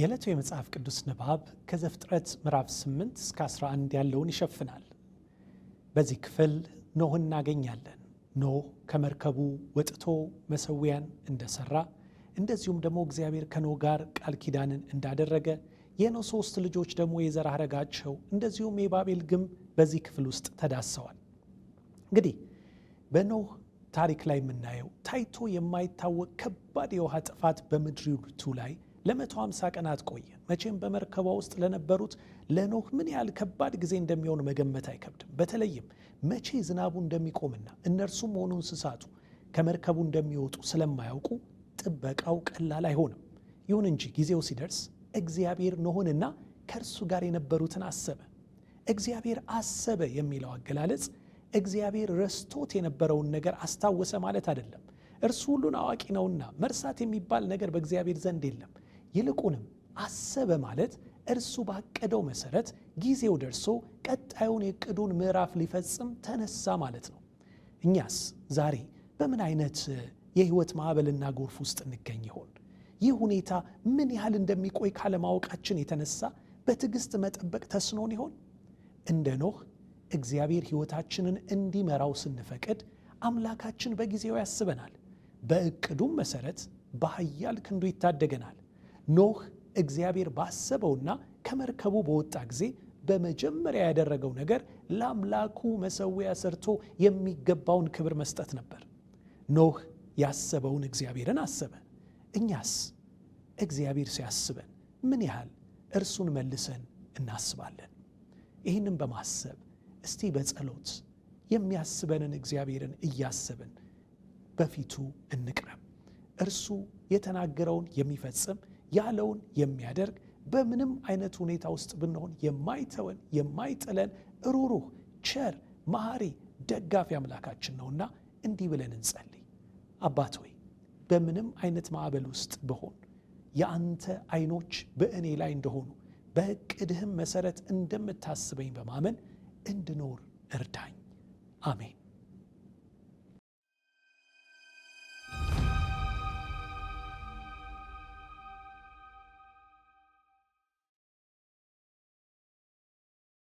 የዕለቱ የመጽሐፍ ቅዱስ ንባብ ከዘፍጥረት ምዕራፍ 8 እስከ 11 ያለውን ይሸፍናል። በዚህ ክፍል ኖህ እናገኛለን። ኖህ ከመርከቡ ወጥቶ መሰዊያን እንደሰራ እንደዚሁም ደግሞ እግዚአብሔር ከኖህ ጋር ቃል ኪዳንን እንዳደረገ የኖህ ሶስት ልጆች ደግሞ የዘር ሐረጋቸው እንደዚሁም የባቤል ግንብ በዚህ ክፍል ውስጥ ተዳሰዋል። እንግዲህ በኖህ ታሪክ ላይ የምናየው ታይቶ የማይታወቅ ከባድ የውሃ ጥፋት በምድሪቱ ላይ ለመቶ ሃምሳ ቀናት ቆየ። መቼም በመርከቧ ውስጥ ለነበሩት ለኖህ ምን ያህል ከባድ ጊዜ እንደሚሆን መገመት አይከብድም። በተለይም መቼ ዝናቡ እንደሚቆምና እነርሱም ሆኑ እንስሳቱ ከመርከቡ እንደሚወጡ ስለማያውቁ ጥበቃው ቀላል አይሆንም። ይሁን እንጂ ጊዜው ሲደርስ እግዚአብሔር ኖህንና ከእርሱ ጋር የነበሩትን አሰበ። እግዚአብሔር አሰበ የሚለው አገላለጽ እግዚአብሔር ረስቶት የነበረውን ነገር አስታወሰ ማለት አይደለም። እርሱ ሁሉን አዋቂ ነውና መርሳት የሚባል ነገር በእግዚአብሔር ዘንድ የለም። ይልቁንም አሰበ ማለት እርሱ ባቀደው መሰረት ጊዜው ደርሶ ቀጣዩን የቅዱን ምዕራፍ ሊፈጽም ተነሳ ማለት ነው። እኛስ ዛሬ በምን አይነት የህይወት ማዕበልና ጎርፍ ውስጥ እንገኝ ይሆን? ይህ ሁኔታ ምን ያህል እንደሚቆይ ካለማወቃችን የተነሳ በትዕግስት መጠበቅ ተስኖን ይሆን? እንደ ኖህ እግዚአብሔር ሕይወታችንን እንዲመራው ስንፈቅድ አምላካችን በጊዜው ያስበናል፣ በእቅዱም መሰረት በኃያል ክንዱ ይታደገናል። ኖህ እግዚአብሔር ባሰበውና ከመርከቡ በወጣ ጊዜ በመጀመሪያ ያደረገው ነገር ለአምላኩ መሰዊያ ሰርቶ የሚገባውን ክብር መስጠት ነበር። ኖህ ያሰበውን እግዚአብሔርን አሰበ። እኛስ እግዚአብሔር ሲያስበን ምን ያህል እርሱን መልሰን እናስባለን? ይህንም በማሰብ እስቲ በጸሎት የሚያስበንን እግዚአብሔርን እያሰብን በፊቱ እንቅረብ። እርሱ የተናገረውን የሚፈጽም ያለውን የሚያደርግ በምንም አይነት ሁኔታ ውስጥ ብንሆን የማይተወን የማይጥለን ሩሩህ ቸር መሐሪ ደጋፊ አምላካችን ነውና እንዲህ ብለን እንጸልይ። አባት ወይ በምንም አይነት ማዕበል ውስጥ ብሆን የአንተ አይኖች በእኔ ላይ እንደሆኑ በእቅድህም መሰረት እንደምታስበኝ በማመን እንድኖር እርዳኝ። አሜን።